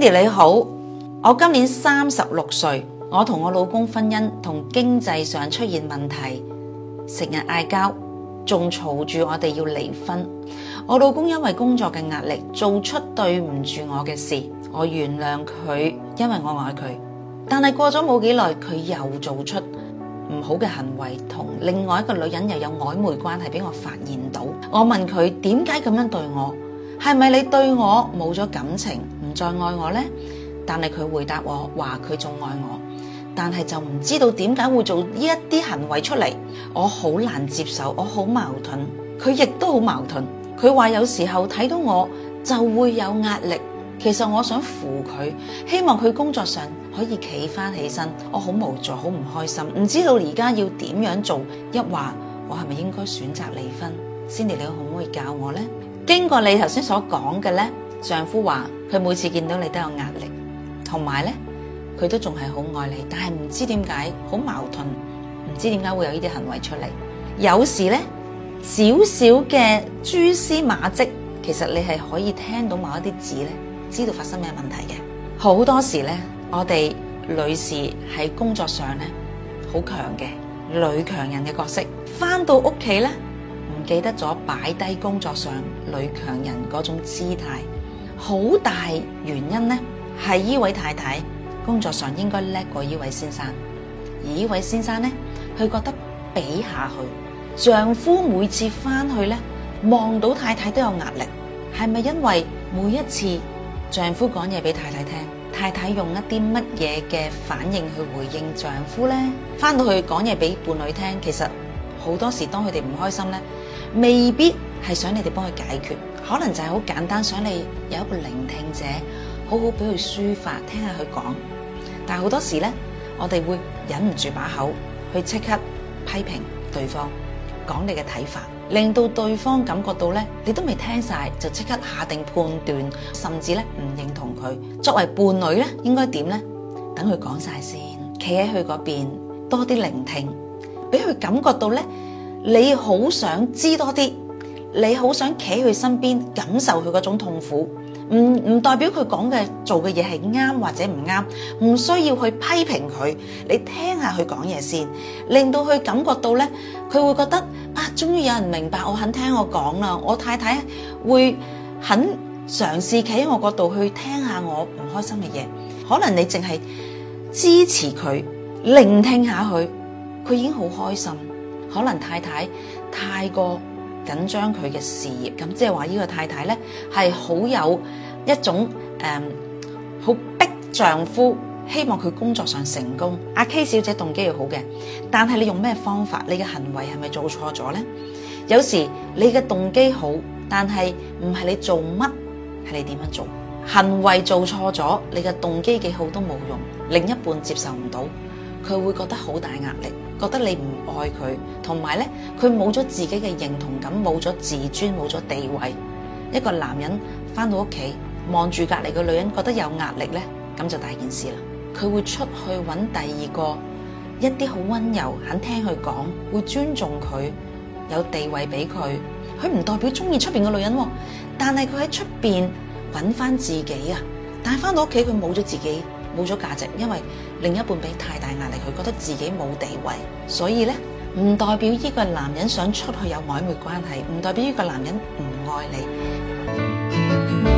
爹哋你好，我今年三十六歲，我同我老公婚姻同經濟上出現問題，成日嗌交，仲嘈住我哋要離婚。我老公因為工作嘅壓力，做出對唔住我嘅事，我原諒佢，因為我愛佢，但係過咗冇幾耐，佢又做出唔好嘅行為，同另外一個女人又有曖昧關係俾我發現到。我問佢，點解咁樣對我？係咪你對我冇咗感情？再愛我咧，但係佢回答我話佢仲愛我，但係就唔知道點解會做呢一啲行為出嚟，我好難接受，我好矛盾。佢亦都好矛盾。佢話有時候睇到我就會有壓力，其實我想扶佢，希望佢工作上可以企翻起身。我好無助，好唔開心，唔知道而家要點樣做。一話我係咪應該選擇離婚先？Cindy，你可唔可以教我咧？經過你頭先所講嘅咧。丈夫話佢每次見到你都有壓力，同埋呢，佢都仲係好愛你，但係唔知點解好矛盾，唔知點解會有呢啲行為出嚟。有時呢，少少嘅蛛絲馬跡，其實你係可以聽到某一啲字呢，知道發生咩問題嘅。好多時呢，我哋女士喺工作上呢，好強嘅女強人嘅角色，翻到屋企呢，唔記得咗擺低工作上女強人嗰種姿態。好大原因呢，係呢位太太工作上應該叻過呢位先生，而呢位先生呢，佢覺得比下去，丈夫每次翻去呢，望到太太都有壓力，係咪因為每一次丈夫講嘢俾太太聽，太太用一啲乜嘢嘅反應去回應丈夫呢？翻到去講嘢俾伴侶聽，其實好多時當佢哋唔開心呢。未必係想你哋幫佢解決，可能就係好簡單，想你有一個聆聽者，好好俾佢抒發，聽下佢講。但係好多時呢，我哋會忍唔住把口，去即刻批評對方，講你嘅睇法，令到對方感覺到呢，你都未聽晒就即刻下定判斷，甚至呢唔認同佢。作為伴侶呢，應該點呢？等佢講晒先，企喺佢嗰邊多啲聆聽，俾佢感覺到呢。你好想知多啲，你好想企喺佢身邊，感受佢嗰種痛苦，唔、唔代表佢講嘅做嘅嘢係啱或者唔啱，唔需要去批評佢。你聽下佢講嘢先，令到佢感覺到咧，佢會覺得啊，終於有人明白我肯聽我講啦。我太太會肯嘗試企喺我角度去聽下我唔開心嘅嘢，可能你淨係支持佢，聆聽下佢，佢已經好開心。可能太太太過緊張佢嘅事業，咁即係話，呢個太太咧係好有一種誒好、呃、逼丈夫，希望佢工作上成功。阿 K 小姐動機又好嘅，但係你用咩方法？你嘅行為係咪做錯咗咧？有時你嘅動機好，但係唔係你做乜係你點樣做？行為做錯咗，你嘅動機幾好都冇用，另一半接受唔到。佢會覺得好大壓力，覺得你唔愛佢，同埋咧佢冇咗自己嘅認同感，冇咗自尊，冇咗地位。一個男人翻到屋企望住隔籬嘅女人，覺得有壓力咧，咁就大件事啦。佢會出去揾第二個，一啲好溫柔，肯聽佢講，會尊重佢，有地位俾佢。佢唔代表中意出邊嘅女人，但係佢喺出邊揾翻自己啊，但係翻到屋企佢冇咗自己，冇咗價值，因為另一半俾太大壓力，佢覺得自己冇地位，所以呢，唔代表依個男人想出去有曖昧關係，唔代表呢個男人唔愛你。